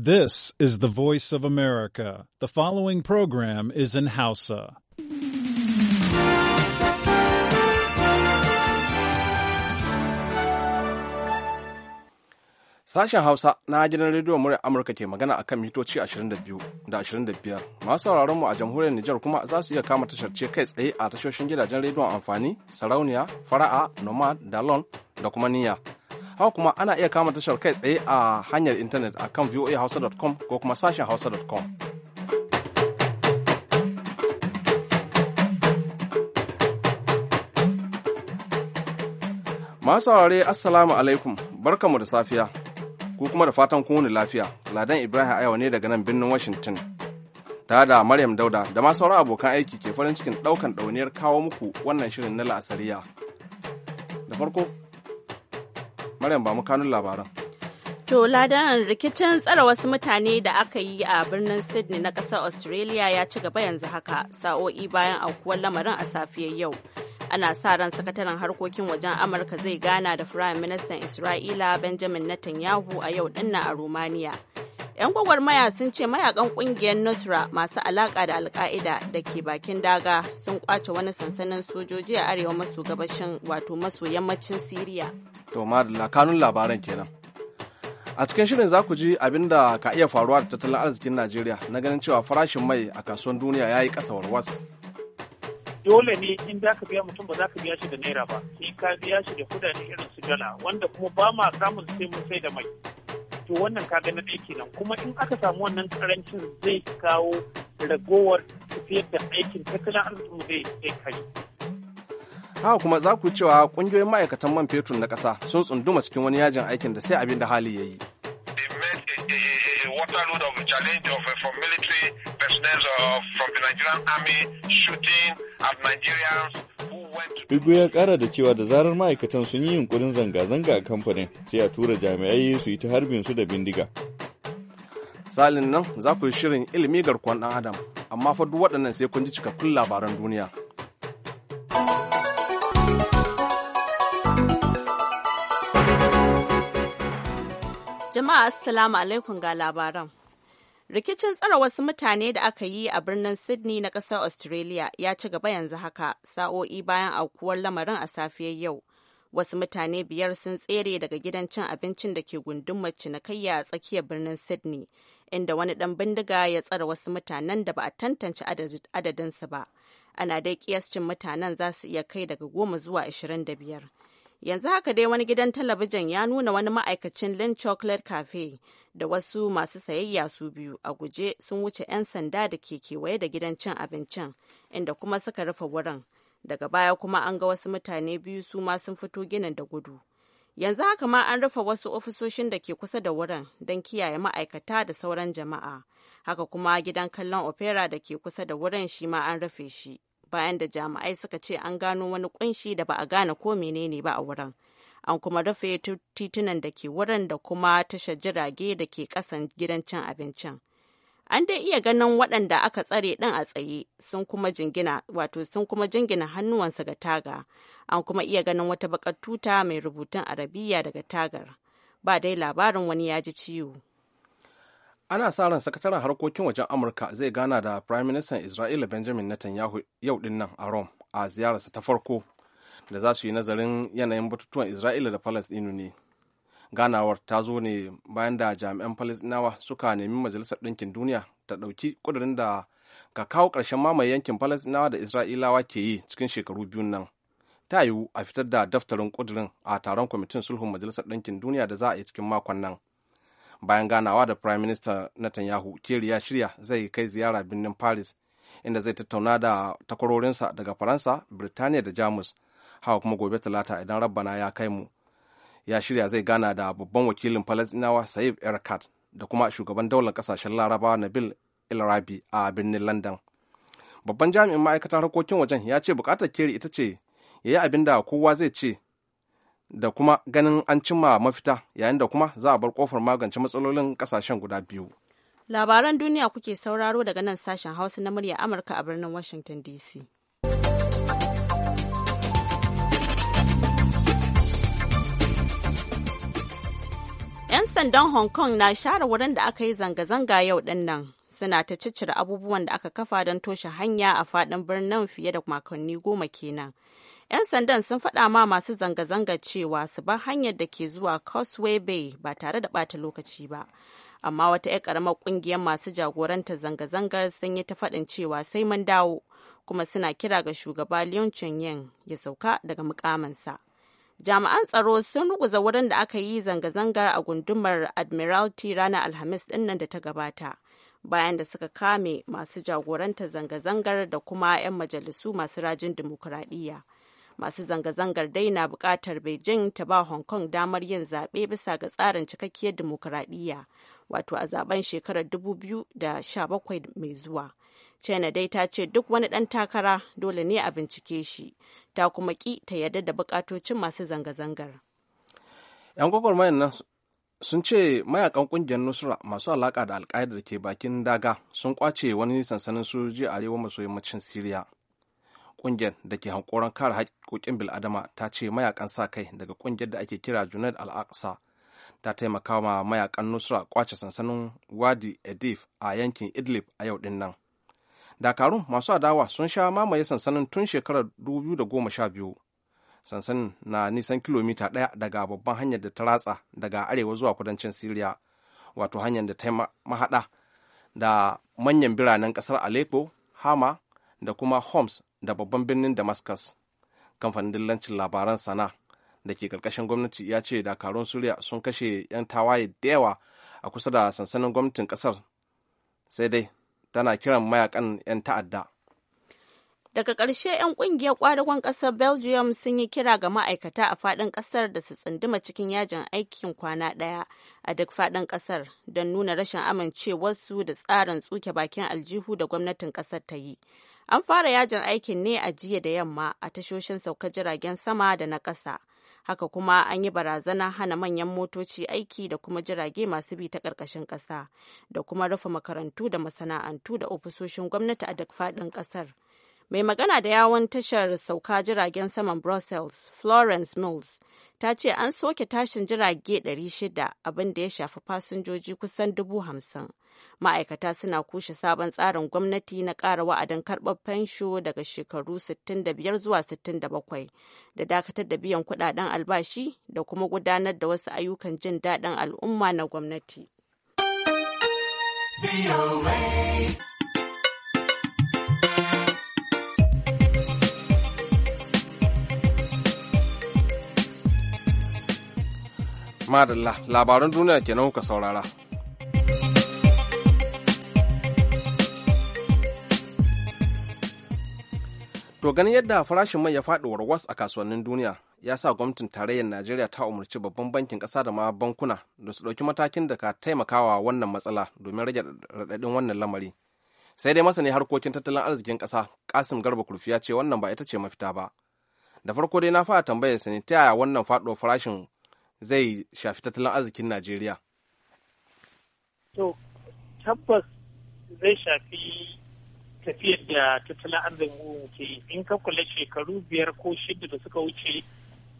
This is the voice of America. The following program is in Hausa. Sashen Hausa na gidan rediyo murya Amurka ke magana akan mitoci 22 da 25. Masu sauraron mu a jamhuriyar Nijar kuma za su iya kama tashar ce kai tsaye a tashoshin gidajen rediyon amfani, sarauniya, fara'a, nomad, dalon da kuma niyya. haka kuma ana iya kama tashar kai tsaye a hanyar intanet a kan voahausa.com ko kuma sashen hausa.com. Masu saurare Assalamu alaikum, barkamu da safiya, ku kuma da fatan kun wuni lafiya, Ladan Ibrahim Ayawa ne daga nan birnin Washington. Tare da Maryam Dauda da ma sauran abokan aiki ke farin cikin ɗaukan ɗauniyar kawo muku wannan shirin na la'asariya. Da farko, Maryam ba mu kanun labaran. To ladan rikicin tsara wasu mutane da aka yi a birnin Sydney na ƙasar Australia ya ci gaba yanzu haka sa'o'i bayan aukuwar lamarin a safiyar yau. Ana sa ran sakataren harkokin wajen Amurka zai gana da Firayim Ministan Isra'ila Benjamin Netanyahu a yau dinnan a Romania. 'Yan gwagwarmaya sun ce mayakan kungiyar Nusra masu alaka da alka'ida da ke bakin daga sun kwace wani sansanin sojoji a arewa maso gabashin wato maso yammacin Siriya. To madalla kanun labaran kenan. A cikin shirin za ku ji abin da ka iya faruwa da tattalin arzikin Najeriya na ganin cewa farashin mai a kasuwan duniya ya yi ƙasa warwas. Dole ne in za ka biya mutum ba za ka biya shi da naira ba, sai ka biya shi da kudade irin su dala wanda kuma ba ma samun sai mun sai da mai. To wannan ka ga na kenan kuma in aka samu wannan karancin zai kawo ragowar tafiyar da aikin tattalin arzikin mu zai kai. haka kuma za ku cewa kungiyoyin ma'aikatan man fetur na ƙasa sun tsunduma cikin wani yajin aikin da sai abin da hali ya yi. Eh, eh, eh, Waterload ya kara da cewa da zarar ma'aikatan sun yi yunkurin zanga-zanga a kamfanin sai a tura jami'ai su yi ta harbin su da bindiga. Salin nan za ku yi shirin ilimi garkuwan ɗan Adam, amma fa duk waɗannan sai kun ji cikakkun labaran duniya. Jama'a Assalamu alaikum ga labaran. Rikicin tsara wasu mutane da aka yi a birnin Sydney na ƙasar Australia ya ci gaba yanzu haka sa'o'i bayan aukuwar lamarin a safiyar yau. Wasu mutane biyar sun tsere daga gidan cin abincin da ke na cinikayya a tsakiyar birnin Sydney, inda wani ɗan bindiga ya tsara wasu mutanen da ba a tantance adadinsu ba. Ana dai kiyascin mutanen za su iya kai daga goma zuwa ashirin da biyar. yanzu haka dai wani gidan talabijin ya nuna wani ma'aikacin lin chocolate cafe da wasu masu sayayya su biyu a guje sun wuce 'yan sanda da ke kewaye da gidan cin abincin inda kuma suka rufe wurin daga baya kuma an ga wasu mutane biyu su ma sun fito ginin da gudu yanzu haka ma an rufe wasu ofisoshin da ke kusa da wurin don kiyaye ma'aikata da sauran jama'a haka kuma gidan kallon opera da ke kusa da wurin shi ma an rufe shi bayan da jami'ai suka ce an gano wani kunshi da ba a gane ko menene ba a wurin an kuma rufe titunan da ke wurin da kuma tashar jirage da ke kasan gidan cin abincin an dai iya ganin waɗanda aka tsare ɗin a tsaye sun kuma jingina wato sun kuma jingina hannuwansa ga taga an kuma iya ganin wata bakar tuta mai rubutun arabiya daga tagar ba dai labarin wani ya ji ciwo ana sa ran sakataren harkokin wajen amurka zai gana da prime minister isra'ila benjamin netanyahu yau din nan a rome a ziyararsa ta farko da za su yi nazarin yanayin batutuwan isra'ila da palestinu ne ganawar ta zo ne bayan da jami'an palestinawa suka nemi majalisar ɗinkin duniya ta ɗauki ƙudurin da ka kawo ƙarshen mamaye yankin palestinawa da isra'ilawa ke yi cikin shekaru biyun nan ta yiwu a fitar da daftarin ƙudurin a taron kwamitin sulhun majalisar ɗinkin duniya da za a yi cikin makon nan bayan ganawa da prime minister netanyahu kiri ya shirya zai kai ziyara birnin paris inda zai tattauna da takwarorinsa daga faransa birtaniya da jamus hawa kuma gobe talata idan rabbana ya kai mu ya shirya zai gana da babban wakilin falasinawa saif erkat da kuma shugaban daular kasashen larabawa nabil ilrabi a birnin london babban jami'in ma'aikatar harkokin wajen ya ce bukatar keri ita ce ya yi abin da kowa zai ce da kuma ganin an cimma mafita yayin da kuma za a bar kofar magance matsalolin kasashen guda biyu. Labaran duniya kuke sauraro daga nan sashen Hausa na murya Amurka a birnin Washington DC. ‘Yan sandan Hong Kong na share wurin da aka yi zanga-zanga yau ɗin nan suna ta ciccire abubuwan da aka kafa don toshe hanya a faɗin birnin fiye da makonni goma kenan. 'Yan sandan sun faɗa ma masu zanga-zanga cewa su bar hanyar da ke zuwa Causeway Bay ba tare da bata lokaci ba. Amma wata 'yar ƙaramar ƙungiyar masu jagoranta zanga-zangar sun yi ta faɗin cewa sai mun dawo, kuma suna kira ga shugaba Leon ya sauka daga mukaminsa. jami'an tsaro sun ruguza wurin da aka yi zanga-zangar a gundumar admiralty ranar alhamis dinnan da ta gabata bayan da suka kame masu jagorantar zanga-zangar da kuma 'yan majalisu masu rajin dimokuraɗiyya. masu zanga-zangar dai na bukatar beijing ta ba hong kong damar yin zaɓe bisa ga tsarin cikakkiyar dimokuraɗiyya wato a zaben shekarar 2017 mai zuwa china dai ta ce duk wani ɗan takara dole ne a bincike shi ta kuma ƙi ta yarda da bukatocin masu zanga-zangar 'yan sun ce mayakan kungiyar nusra masu alaka da alkaida da ke bakin daga sun kwace wani sansanin sojoji a arewa maso yammacin siriya kungiyar da ke hankoron kare haƙoƙin bil'adama ta ce mayakan sa kai daga kungiyar da ake kira junaid al-aqsa ta taimaka ma mayakan nusra kwace sansanin wadi edif a yankin idlib a yau din nan dakarun masu adawa sun sha mamaye sansanin tun shekarar sha biyu. sansanin na nisan kilomita ɗaya daga babban hanyar da ta ratsa daga arewa zuwa kudancin siriya wato hanyar da ta mahaɗa da manyan biranen ƙasar aleppo hama da kuma Homs da babban birnin Damascus. Kamfanin dillancin labaran sana da ke ƙarƙashin gwamnati ya ce dakarun Suriya sun kashe 'yan tawaye da yawa a kusa da sansanin gwamnatin ƙasar sai dai tana kiran mayakan 'yan ta'adda. Daga ƙarshe 'yan ƙungiyar ƙwadagon ƙasar Belgium sun yi kira ga ma'aikata a faɗin ƙasar da su tsunduma cikin yajin aikin kwana ɗaya a duk faɗin ƙasar don nuna rashin amincewarsu da tsarin tsuke bakin aljihu da gwamnatin ƙasar ta yi. An fara yajin aikin ne a jiya da yamma a tashoshin sauka jiragen sama da na ƙasa. Haka kuma an yi barazana hana manyan motoci aiki da kuma jirage masu bi ta ƙarƙashin ƙasa da kuma rufe makarantu da masana'antu da ofisoshin gwamnati a duk faɗin ƙasar. Mai magana da yawon tashar sauka jiragen saman Brussels, Florence Mills, ta ce an soke tashin jirage 600 abin da ya shafi fasinjoji kusan dubu hamsin. Ma'aikata suna kushe sabon tsarin gwamnati na ƙara wa'adin karɓar fensho daga shekaru 65 zuwa 67 da dakatar da biyan kuɗaɗen albashi da kuma gudanar da wasu ayyukan jin daɗin al'umma na gwamnati. madalla labaran duniya kenan kuka saurara To ganin yadda farashin mai ya faɗi warwas a kasuwannin duniya ya sa gwamnatin tarayyar Najeriya ta umarci babban bankin ƙasa da ma bankuna da su ɗauki matakin da ka taimakawa wannan matsala domin rage raɗaɗin wannan lamari. Sai dai masani harkokin tattalin arzikin ƙasa Kasim Garba Kurfi ya ce wannan ba ita ce mafita ba. Da farko dai na fara tambayar sani ta yaya wannan faɗuwar farashin zai shafi tattalin arzikin najeriya to tabbas zai shafi tafiyar da tattalin arzikin ke in ka kula shekaru biyar ko shida da suka wuce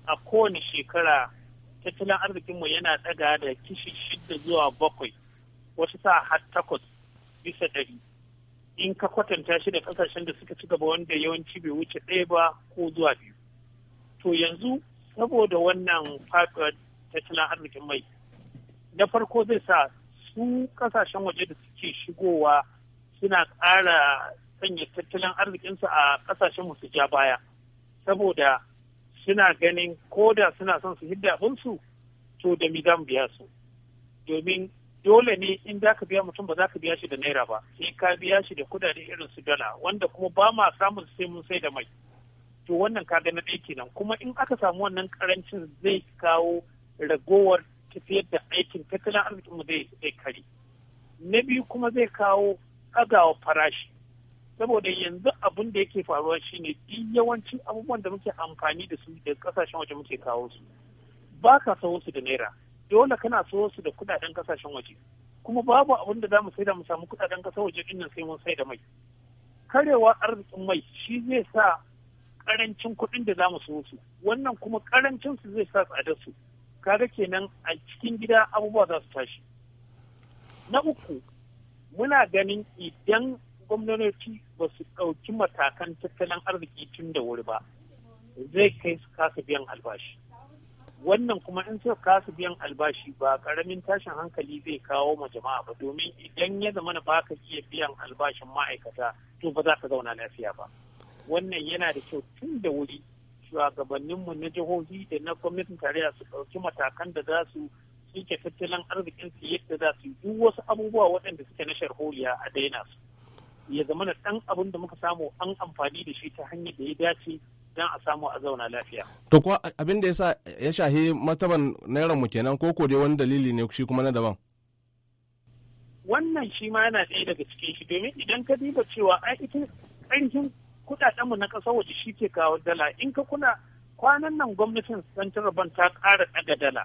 a kowane shekara tattalin arzikinmu yana daga da kishi shida zuwa bakwai wasu sa har takwas bisa ɗari in ka kwatanta shi da kasashen da suka ci gaba wanda yawanci bai wuce ɗaya ba ko zuwa biyu to yanzu saboda wannan faɗuwar tattalin arzikin mai na farko zai sa su kasashen waje da suke shigowa suna ƙara sanya tattalin arzikinsu a kasashen su ja baya saboda suna ganin ko da suna son su hidda abinsu to da za mu biya su domin dole ne in za ka biya mutum ba za ka biya shi da naira ba sai ka biya shi da kudade irin su dala wanda kuma ba ma samun sai mun sai da mai to wannan ka ga na kenan kuma in aka samu wannan karancin zai kawo ragowar tafiyar da aikin tattalin mu zai kare na biyu kuma zai kawo ɗagawa farashi saboda yanzu abin da yake faruwa shine in yawancin abubuwan da muke amfani da su da kasashen waje muke kawo su ba ka sawo su da naira dole kana sawo su da kuɗaɗen kasashen waje kuma babu abin da zamu sai da mu samu kuɗaɗen kasar waje din nan sai mun sai da mai karewa arzikin mai shi zai sa karancin kuɗin da zamu sawo su wannan kuma karancin su zai sa tsadar su kaga kenan a cikin gida abubuwa za su tashi na uku muna ganin idan gwamnati ba su ɗauki matakan tattalin arziki tun da wuri ba zai kai su kasa biyan albashi wannan kuma in suka kasa biyan albashi ba ƙaramin tashin hankali zai kawo ma jama'a ba domin idan ya zama na baka iya biyan albashin ma'aikata to ba za ka zauna lafiya ba wannan yana da kyau tun da wuri shugabanninmu na jihohi da na gwamnatin tarayya su ɗauki matakan da za su suke tattalin arzikin su yadda za su duk wasu abubuwa waɗanda suke na sharholiya a daina su ya zama da ɗan abin da muka samu an amfani da shi ta hanyar da ya dace don a samu a zauna lafiya. To kuwa abin da yasa ya shahi martaban naira mu kenan ko ko dai wani dalili ne shi kuma na daban. Wannan shi ma yana ɗaya daga cikin shi domin idan ka duba cewa ai ita kudadenmu na kasa waje shi ke kawo dala in ka kuna kwanan nan gwamnatin central bank ta ƙara daga dala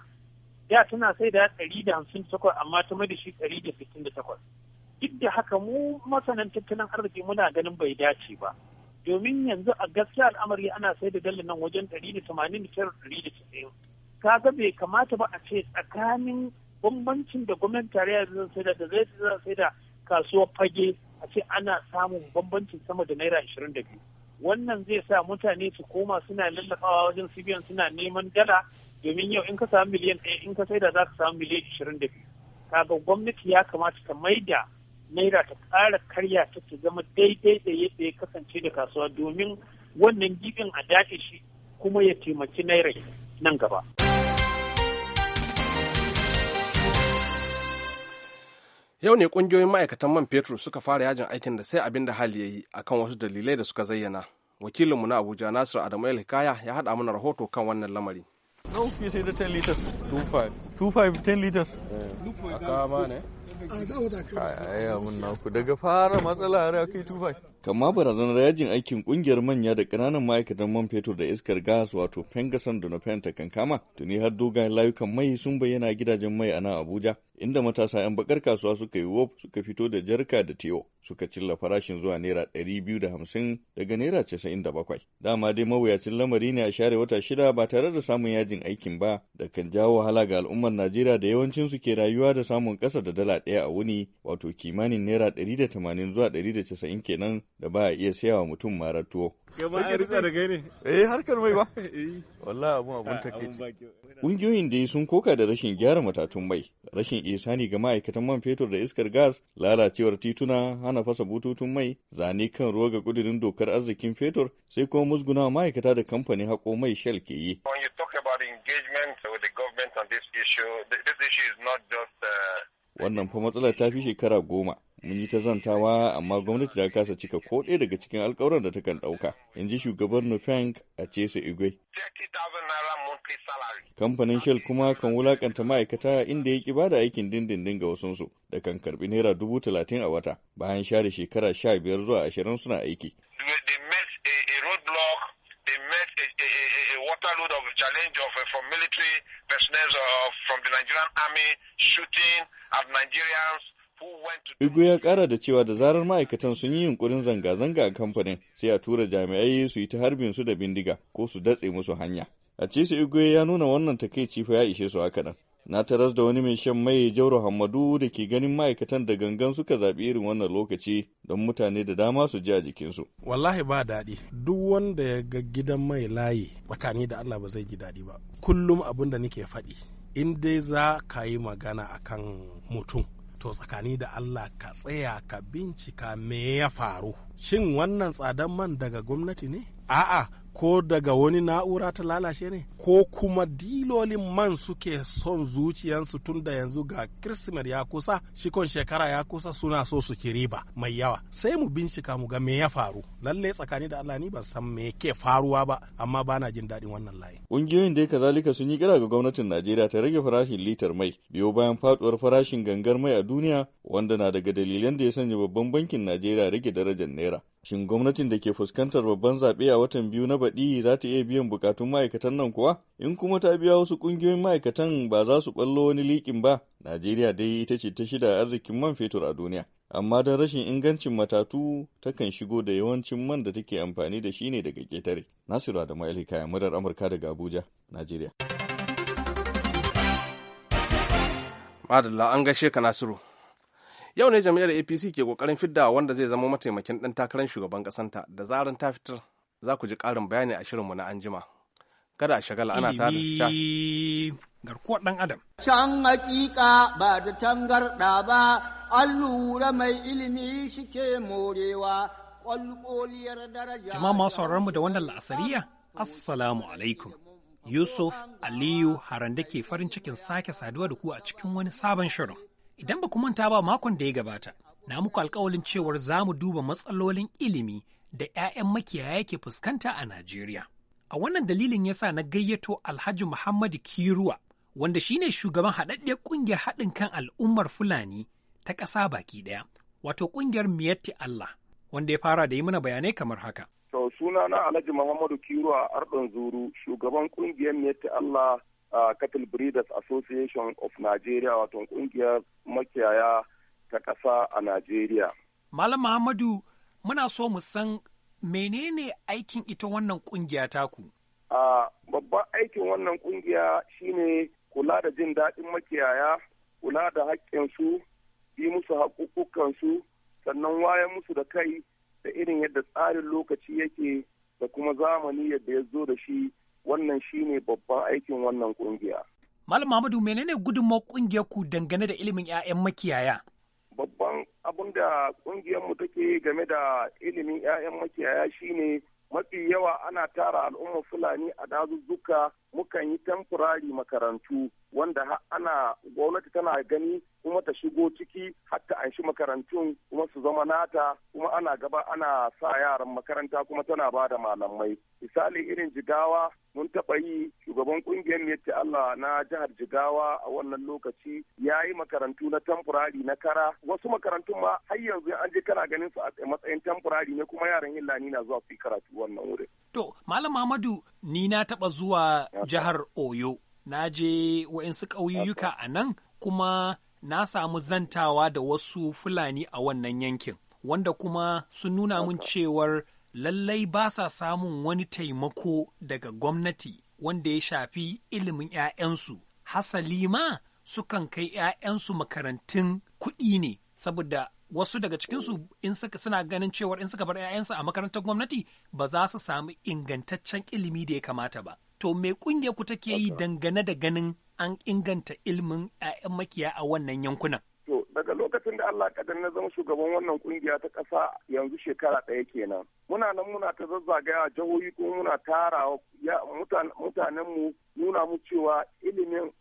Ya tana sai da ɗari da hamsin takwas amma ta mai da shi ɗari da sittin da takwas duk da haka mu masanan tattalin arziki muna ganin bai dace ba domin yanzu a gaskiya al'amari ana sai da dala nan wajen ɗari da tamanin da tara ɗari da Ka kaga bai kamata ba a ce tsakanin bambancin da gwamnatin tarayya zai sai da da zai sai da kasuwar fage a ce ana samun bambancin sama da naira ashirin da biyu wannan zai sa mutane su koma suna lallafawa wajen cbn suna neman dala domin yau in ka samu miliyan ɗaya in ka saida za ka samu miliyan ashirin da biyu kaga gwamnati ya kamata ta maida naira ta ƙara karya ta ta zama daidai da ya kasance da kasuwa domin wannan gibin a dace shi kuma ya taimaki naira nan gaba. yau ne kungiyoyin ma'aikatan man fetur suka fara yajin aikin da sai abin da hali ya yi akan wasu dalilai da suka zayyana wakilinmu na abuja nasir adamu hikaya ya haɗa mana rahoto kan wannan lamari Zan fi sai da 10 2.5. 10 A kama ne? daga fara matsala har kai 2.5. kama barazanar yajin aikin kungiyar manya da kananan ma'aikatan man fetur da iskar gas wato fengasan da nufen ta kankama tuni har dogayen layukan mai sun bayyana gidajen mai a nan abuja inda matasa 'yan bakar kasuwa suka yi wop suka fito da jarka da teo suka cilla farashin zuwa naira 250 daga naira 97 dama dai mawuyacin lamari ne a share wata shida ba tare da samun yajin aikin ba da kan jawo wahala ga al'ummar najeriya da yawancin su ke rayuwa da samun kasa da dala ɗaya a wuni wato kimanin naira 180 zuwa 190 kenan da ba a iya siya wa mutum marar tuwo. da ya Eh harkar mai ba. Eh. Wallah abun ah, Ƙungiyoyin dai sun koka da rashin gyara matatun mai, rashin isani ga ma'aikatan man fetur da iskar gas, lalacewar tituna, hana fasa bututun mai, zane kan ruwa ga kudirin dokar arzikin fetur, sai kuma musguna ma'aikata da kamfanin haƙo mai Shell ke yi. When you about engagement the government on this issue, this not just uh, wannan fa matsalar ta fi shekara goma mun yi ta zantawa amma gwamnati ta kasa cika ko ɗaya daga cikin alkawuran da ta kan ɗauka in ji shugaban nufeng a cesa igwe kamfanin shell kuma kan wulakanta ma'aikata inda ya ki bada aikin dindindin ga wasunsu da kan karbi naira dubu talatin a wata bayan share shekara sha biyar zuwa ashirin suna aiki of uh, from military personnel uh, from the Nigerian army shooting at Nigerians Igu ya kara da cewa da zarar ma'aikatan sun yi yunkurin zanga-zanga a kamfanin sai a tura jami'ai su yi ta harbin su da bindiga ko su datse musu hanya. A su Igwe ya nuna wannan takaici fa ya ishe su haka nan. Na taras da wani mai shan mai Jauro Hamadu da ke ganin ma'aikatan da gangan suka zaɓi irin wannan lokaci don mutane da dama su ji a jikinsu. Wallahi ba daɗi, duk wanda ya ga gidan mai layi tsakani da Allah ba zai ji daɗi ba. Kullum abin da nake faɗi, in dai za ka yi magana akan mutum, to tsakani da Allah ka tsaya ka bincika me ya faru shin wannan tsadan man daga gwamnati ne a'a ko daga wani na'ura ta lalace ne ko kuma dilolin man suke son zuciyansu tun da yanzu ga kirsimet ya kusa shikon shekara ya kusa suna so su ki riba mai yawa sai mu bincika mu ga me ya faru lalle tsakani da Allah ni ban san me ke faruwa ba amma bana jin daɗin wannan layi ƙungiyoyin da kazalika sun yi kira ga gwamnatin Najeriya ta rage farashin litar mai biyo bayan faduwar farashin gangar mai a duniya wanda na daga dalilan da ya sanya babban bankin Najeriya rage darajar naira Shin gwamnatin da ke fuskantar babban zaɓe a watan biyu na baɗi za ta iya biyan bukatun ma'aikatan nan kuwa? In kuma ta biya wasu ƙungiyoyin ma'aikatan ba za su ɓallo wani liƙin ba, Najeriya dai ita ce ta shida arzikin man fetur a duniya. Amma don rashin ingancin matatu takan shigo da yawancin man da take amfani da shi ne daga ƙetare. Nasiru Adamu ya murar Amurka daga Abuja, Najeriya. Madalla an gaishe ka Nasiru. yau ne jam'iyyar apc ke kokarin fidda wanda zai zama mataimakin dan takarar shugaban kasanta da zarar ta fitar za ku ji karin bayani a shirinmu na anjima kada a shagala ana ta da garkuwar dan adam can hakika ba da tangarda ba allura mai ilimi shike morewa kwalkoliyar daraja jama'a masu mu da wannan la'asariya assalamu alaikum yusuf aliyu harande ke farin cikin sake saduwa da ku a cikin wani sabon shirin Idan ba ku manta ba makon da ya gabata, na muku alkawalin cewar za mu duba matsalolin ilimi da 'ya'yan makiyaya ke fuskanta a Najeriya. A wannan dalilin ya sa na gayyato Alhaji Muhammadu Kiruwa, wanda shine shugaban haɗaɗɗiyar ƙungiyar haɗin kan al'ummar Fulani ta ƙasa baki ɗaya, wato ƙungiyar Miyatti Allah, wanda ya fara da yi mana bayanai kamar haka. To sunana Alhaji Muhammadu Kiruwa Arɗon Zuru, shugaban ƙungiyar Miyatti Allah cattle breeders association of nigeria wato kungiyar makiyaya ta ƙasa a nigeria malam muhammadu muna so mu san menene aikin ita wannan kungiya taku babban aikin wannan kungiya shine kula da jin daɗin makiyaya kula da haƙƙinsu yi musu haƙuƙukansu sannan wayan musu da kai da irin yadda tsarin lokaci yake da kuma zamani yadda ya zo da shi wannan shine babban aikin wannan kungiya. Malam Muhammadu menene gudunmawar kungiyar ku dangane da ilimin 'ya'yan makiyaya? Babban abun da kungiyar mu take game da ilimin 'ya'yan makiyaya shine mafi yawa ana tara al'ummar fulani a dazuzzuka mukan yi temporary makarantu wanda ana gwamnati tana gani kuma ta shigo ciki hatta an shi makarantun kuma su zama nata kuma ana gaba ana sa yaran makaranta kuma tana ba da malamai misali irin jigawa mun taɓa yi shugaban kungiyar ce Allah na jihar Jigawa a wannan lokaci ya yi makarantu na tamfurari na kara wasu makarantun ma har yanzu an je kana ganin su a matsayin tamfurari ne kuma yaran Hillani na zuwa su karatu wannan wurin. To Malam Muhammadu ni na taɓa zuwa jihar Oyo na je wa'insu ƙauyuka a nan kuma na samu zantawa da wasu Fulani a wannan yankin wanda kuma sun nuna mun cewar lallai ba sa samun wani taimako daga gwamnati wanda ya shafi ilimin 'ya'yansu hasali ma sukan kai 'ya'yansu makarantun kuɗi ne saboda wasu daga cikinsu in suna ganin cewar in suka bar 'ya'yansu a makarantar gwamnati ba za su samu ingantaccen ilimi da ya kamata ba to mai ƙungiyar ku take yi dangane da ganin an inganta ilimin 'ya'yan makiya a wannan yankunan To daga lokacin da Allah kadan na zama shugaban wannan ƙungiya ta ƙasa yanzu shekara ɗaya kenan. muna nan muna ta zazzagaya jihohi kuma muna tara mutanen mu nuna mu cewa ilimin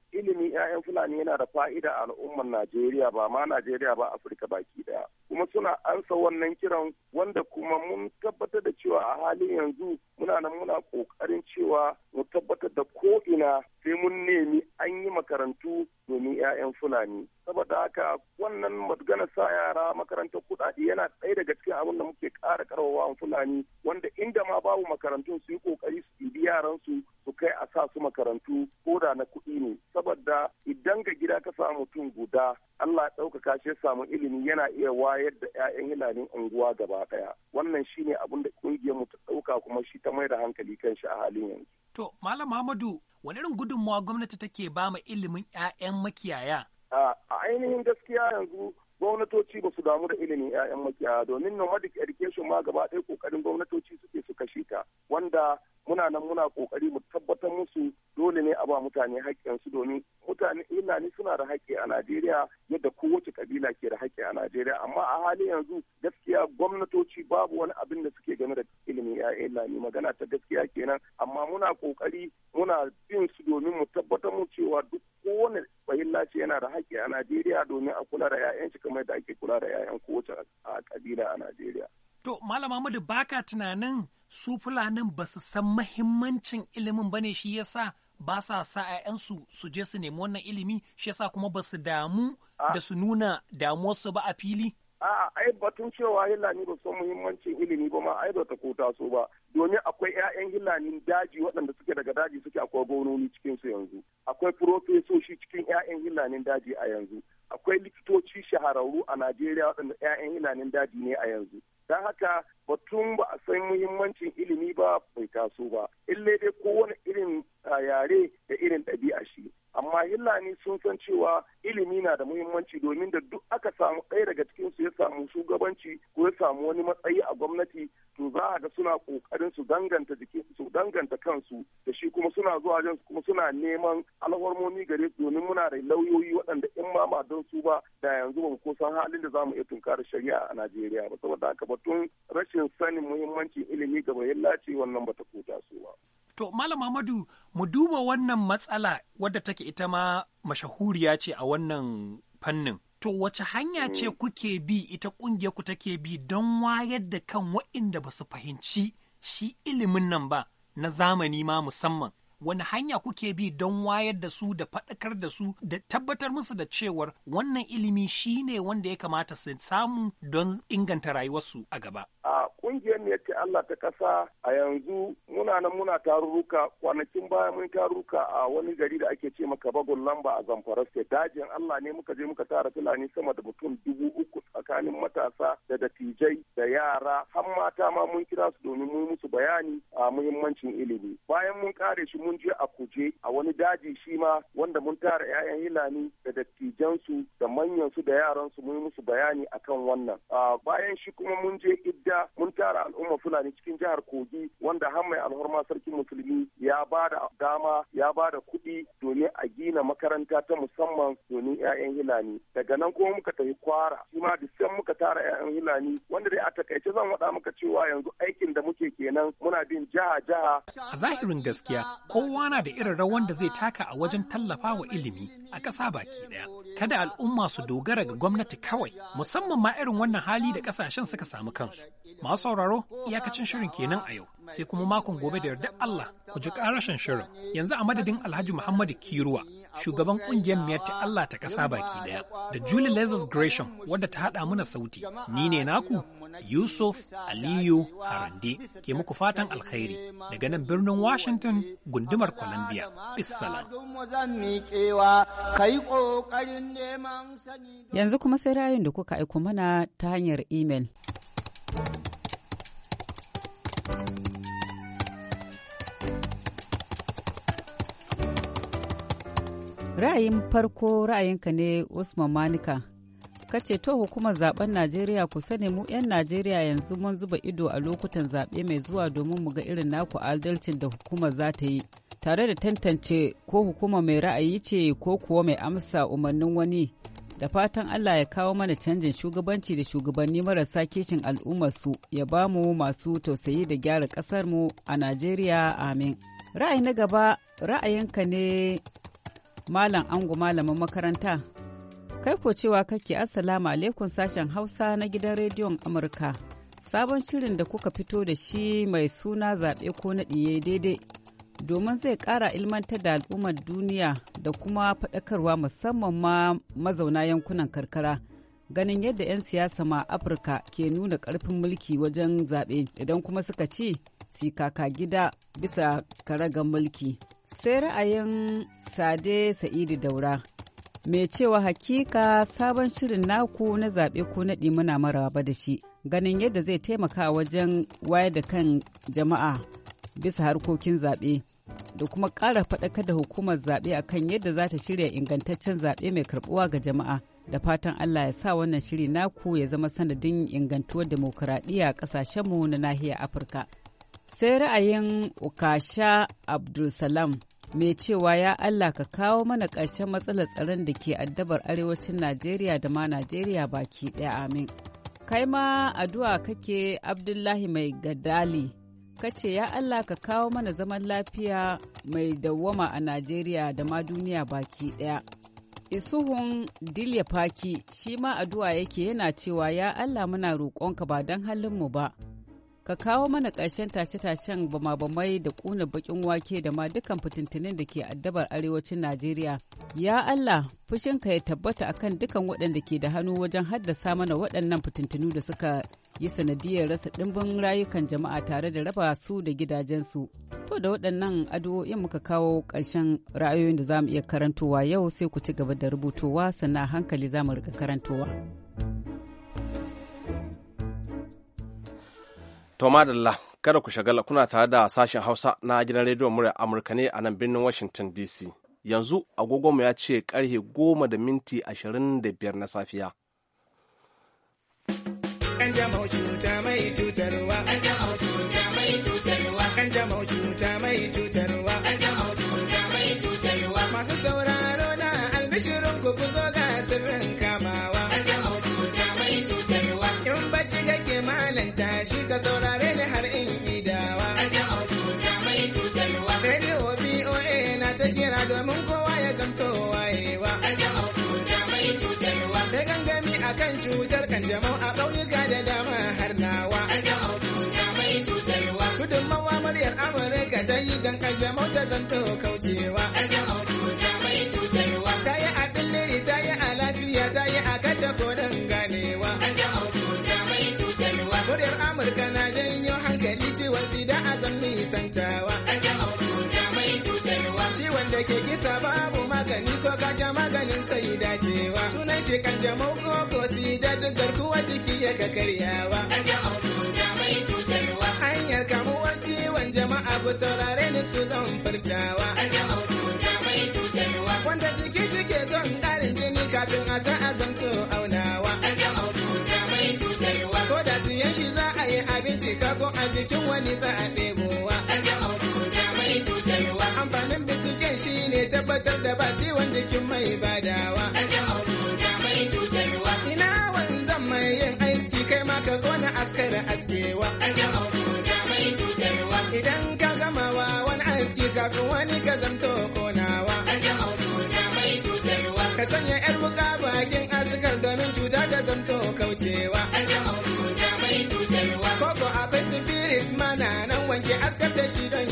'ya'yan fulani yana da fa'ida a al'ummar najeriya ba ma najeriya ba afirka baki daya kuma suna ansa wannan kiran wanda kuma mun tabbatar da cewa a halin yanzu muna nan muna kokarin cewa mu tabbatar da ko ina sai mun nemi an yi makarantu domin 'ya'yan fulani saboda haka wannan maganar sa yara makarantar kudade yana ɗaya daga cikin abin da muke ƙara karawa fulani fulani wanda inda ma babu makarantun su yi kokari su ɗibi yaran su su kai a sa su makarantu ko da na kuɗi ne saboda idan ga gida ka samu mutum guda Allah ɗaukaka shi ya samu ilimi yana iya wayar da 'ya'yan hilalin unguwa gaba ɗaya wannan shine abin da ƙungiyar mu ta ɗauka kuma shi ta mai da hankali kan shi a halin yanzu. To Malam Muhammadu wani irin gudunmawa gwamnati take ba ilimin 'ya'yan makiyaya? A ainihin gaskiya yanzu gwamnatoci ba su damu da ilimin 'ya'yan makiya domin nomadic education ma gaba ɗaya ƙoƙarin gwamnatoci suke su kashe ta wanda muna nan muna kokari mu tabbatar musu dole ne a ba mutane haƙƙinsu domin mutane Fulani suna da haƙƙi a Najeriya yadda kowace kabila ke da haƙƙi a Najeriya amma a halin yanzu gaskiya gwamnatoci babu wani abin da suke game da ilimin ya'yan Fulani magana ta gaskiya kenan amma muna kokari muna bin su domin mu tabbatar mu cewa duk kowane bahilla yana da haƙƙi a Najeriya domin a kula da 'ya'yan shi kamar da ake kula da 'ya'yan kowace a kabila a Najeriya. To, Malam Ahmadu baka tunanin su fulanin ba su san mahimmancin ilimin ba ne shi ya sa ba sa sa 'ya'yansu su je su nemi wannan ilimi shi yasa kuma ba su damu da su nuna damuwarsu ba a fili? A'a, ai batun cewa hilani ba san muhimmancin ilimi ba ma ai ba ta kota su ba, domin akwai 'ya'yan hilanin daji waɗanda suke daga daji suke akwai gononi cikin su yanzu, akwai furofesoshi cikin 'ya'yan hilanin daji a yanzu, akwai likitoci shahararru a Najeriya waɗanda 'ya'yan hilanin daji ne a yanzu. don haka batun ba a san muhimmancin ilimi ba bai taso ba ille dai kowane irin ah, yare da irin ɗabi'a shi amma hillani sun san cewa ilimi na da muhimmanci domin da duk aka samu ɗaya daga cikin su ya samu shugabanci ko ya samu wani matsayi a gwamnati to za a ga suna ƙoƙarin su danganta su danganta kansu shi kuma suna zuwa jan kuma suna neman alhormomi gare su domin muna da lauyoyi waɗanda in ma ba don su ba da yanzu ba ko san halin da zamu iya tunkara shari'a a Najeriya ba saboda haka batun rashin sanin muhimmancin ilimi ga bayan lace wannan bata kuta su ba. To Malam Ahmadu mu duba wannan matsala wadda take ita ma mashahuriya ce a wannan fannin. To wace hanya ce mm. kuke bi ita kungiya ku take bi don wayar da kan waɗanda ba su fahimci shi ilimin nan ba na zamani ma musamman wani hanya kuke bi don wayar da su da faɗakar da su da tabbatar musu da cewar wannan ilimi shine wanda ya kamata su samu don inganta rayuwarsu a gaba. Ah, kungiyar ne ce Allah ta ƙasa a yanzu muna nan muna taruruka kwanakin baya mun taruruka a wani gari da ake ce maka bagon lamba a Zamfara State. Dajin Allah ne muka je muka tara Fulani sama da mutum dubu uku tsakanin matasa da dattijai da yara har mata ma mun kira su domin mun musu bayani a muhimmancin ilimi. Bayan mun kare shi mun je a kuje a wani daji shi ma wanda mun tara 'ya'yan Hilani da dattijansu da manyansu da yaransu mun musu bayani akan wannan. Bayan shi kuma mun je idda mun gyara al'umma fulani cikin jihar kogi wanda har mai alhorma sarkin musulmi ya ba da dama ya ba da kuɗi domin a gina makaranta ta musamman domin 'ya'yan hilani daga nan kuma muka tafi kwara shi ma muka tara 'ya'yan hilani wanda dai a takaice zan waɗa maka cewa yanzu aikin da muke kenan muna bin jiha jiha a zahirin gaskiya kowa na da irin rawan da zai taka a wajen tallafa wa ilimi a ƙasa baki ɗaya kada al'umma su dogara ga gwamnati kawai musamman ma irin wannan hali da ƙasashen suka samu kansu Masu sauraro iyakacin shirin kenan a yau sai kuma makon gobe da yarda Allah ku ji karashin shirin yanzu a madadin Alhaji Muhammadu Kiruwa shugaban kungiyar miyar ta Allah ta kasa baki daya da Julie Lazarus Gresham wadda ta hada mana sauti ni ne naku Yusuf Aliyu Harande ke muku fatan alkhairi daga nan birnin Washington gundumar Columbia. Bissalam. Yanzu kuma sai rayun da kuka aiko mana ta hanyar you Ra'ayin farko ra'ayinka ne Usman Manika. Ka ce to hukumar zaben Najeriya ku sani mu 'yan Najeriya yanzu mun zuba ido a lokutan zaɓe mai zuwa domin mu ga irin naku adalcin da hukumar za ta yi. Tare da tantance ko hukuma mai ra'ayi ce ko kuwa mai amsa umarnin wani da fatan Allah ya kawo mana canjin shugabanci da shugabanni marasa kishin su ya ba mu masu tausayi da gyara ƙasarmu a Najeriya amin. Ra'ayi na gaba ra'ayinka ne Malam Angu malamin makaranta. Kai ko cewa kake Assalamu alaikum sashen Hausa na gidan rediyon Amurka. Sabon shirin da kuka fito da shi mai suna zaɓe ko naɗiye daidai domin zai ƙara ilmantar da al'ummar duniya da kuma faɗakarwa musamman ma mazauna yankunan karkara. Ganin yadda 'yan siyasa ma Afirka ke nuna ƙarfin mulki wajen zaɓe idan kuma suka ci, si gida bisa karagar mulki. sai ra'ayin sade sa'idu daura mai cewa hakika sabon shirin naku na zaɓe ko naɗi muna maraba da shi ganin yadda zai taimaka wajen wayar da kan jama'a bisa harkokin zaɓe da kuma ƙara faɗakar da hukumar zaɓe kan yadda za ta shirya ingantaccen zaɓe mai karɓuwa ga jama'a da fatan Allah ya sa wannan shiri naku ya zama sanadin ingantuwar demokuraɗiyya a ƙasashenmu na nahiyar Afirka. sai ra'ayin ukasha abdulsalam mai cewa ya allah ka kawo mana ƙarshen matsalar tsaron da ke addabar arewacin najeriya da ma najeriya baki ɗaya amin kai ma addu'a kake abdullahi mai gadali ka ce ya allah ka kawo mana zaman lafiya mai dawwama a najeriya da ma duniya baki ɗaya isuhun dilya faki shi ma addu'a yake yana cewa ya allah muna roƙonka ba don halinmu ba ka kawo mana ƙarshen tashe-tashen bama-bamai da ƙuna bakin wake da ma dukkan fitintunin da ke addabar arewacin Najeriya. Ya Allah, fushinka ya tabbata akan dukkan waɗanda ke da hannu wajen haddasa mana waɗannan fitintunu da suka yi sanadiyar rasa ɗimbin rayukan jama'a tare da raba su da gidajensu. To da waɗannan addu'o'in muka kawo ƙarshen ra'ayoyin da za mu iya karantowa yau sai ku ci gaba da rubutuwa sannan hankali za mu riga karantowa. To madalla kada ku shagala kuna tare da sashen Hausa na gidan rediyon murya Amurka ne a nan birnin Washington DC. Yanzu agogonmu ya ce karhe goma da minti ashirin da biyar na safiya. An jama'u cuta mai cutarwa. Masu sauraro na albishirin ku ku zo ga sirrinka. ka saurare ni har in gidawa. Radio BOA na ta kira domin kowa ya zamto wayewa. Da gangami a kan cutar kanjamau a ƙauyuka da dama har nawa. Gudunmawa muryar Amurka ta yi don kanjamau ta zanto kaucewa. da ke kisa babu magani ko kasha maganin sai dacewa sunan shi kan jama'u ko ko da duk garkuwa jiki ya ka karyawa hanyar kamuwar ciwon jama'a ku saurare ni su zan furtawa wanda jiki shi ke son karin jini kafin a sa azamto aunawa ko da siyan shi za a yi abinci kako a jikin wani za a da ciwon jikin mai badawa. Ina wanzan mai yin aiki kai ma ka kona askara askewa. Idan ka gamawa wani aski kafin wani ka zamto konawa. Ka sanya 'yar wuka bakin askar domin cuta ta zamto kaucewa. Koko akwai spirit mana nan wanke askar da shi don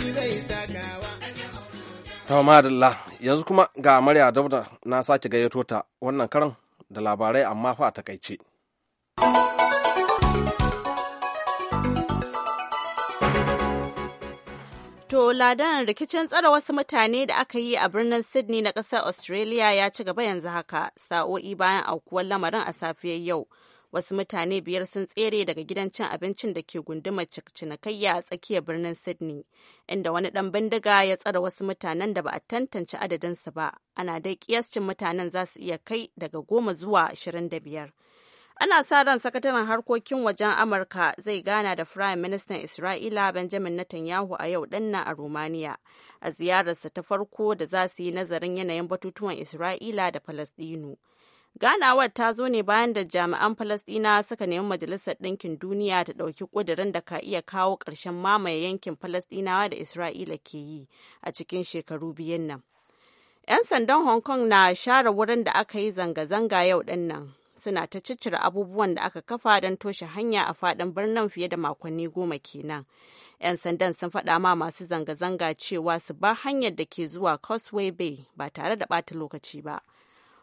shi zai da yanzu kuma ga amarya Dauda na sake gayyato ta wannan karan da labarai amma fa a takaice. To ladan rikicin tsara wasu mutane da aka yi a birnin Sydney na ƙasar Australia ya ci gaba yanzu haka sa'o'i bayan aukuwar lamarin a safiyar yau. wasu mutane biyar sun tsere daga gidan cin abincin da ke gundumar cinikayya a tsakiyar birnin sydney inda wani dan bindiga ya tsare wasu mutanen da ba a tantance adadinsu ba ana dai kiyascin mutanen za su iya kai daga goma zuwa ashirin da biyar ana sa ran sakataren harkokin wajen amurka zai gana da firayim ministan isra'ila benjamin netanyahu a yau dinnan a romania a ziyararsa ta farko da za su yi nazarin yanayin batutuwan isra'ila da falasdinu Ganawar ta zo ne bayan da jami'an Falasɗina suka nemi Majalisar Ɗinkin Duniya ta ɗauki ƙudurin da ka iya kawo ƙarshen mamaye yankin Falasɗinawa da Isra'ila ke yi a cikin shekaru biyun nan. 'Yan sandan Hong Kong na share wurin da aka yi zanga-zanga yau ɗin nan. Suna ta ciccire abubuwan da aka kafa don toshe hanya a faɗin birnin fiye da makonni goma kenan. 'Yan sandan sun faɗa ma masu zanga-zanga cewa su ba hanyar da ke zuwa Causeway Bay ba tare da ɓata lokaci ba.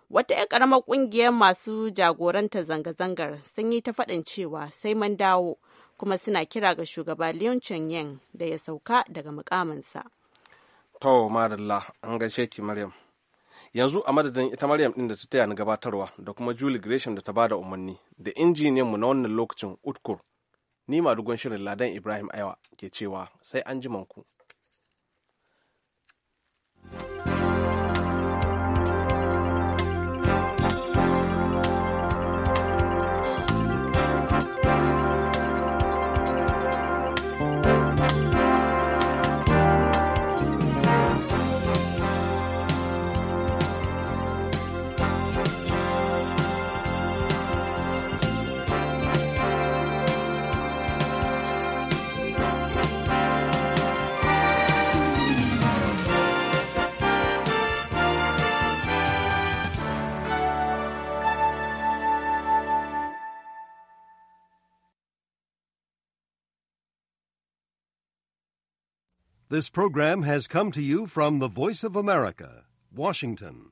Wata 'yan ƙaramar ƙungiyar masu jagorantar zanga-zangar sun yi ta faɗin cewa sai man dawo kuma suna kira ga shugaba Leon Chanyang da ya sauka daga mukaminsa. To, madalla, an gaishe ki Maryam. Yanzu a madadin ita Maryam ɗin da ta taya ni gabatarwa da kuma Julie Gresham da ta bada umarni da injiniyanmu na wannan lokacin Utkur, ni madugon shirin Ladan Ibrahim Aiwa ke cewa sai an ji manku. ku. This program has come to you from the Voice of America, Washington.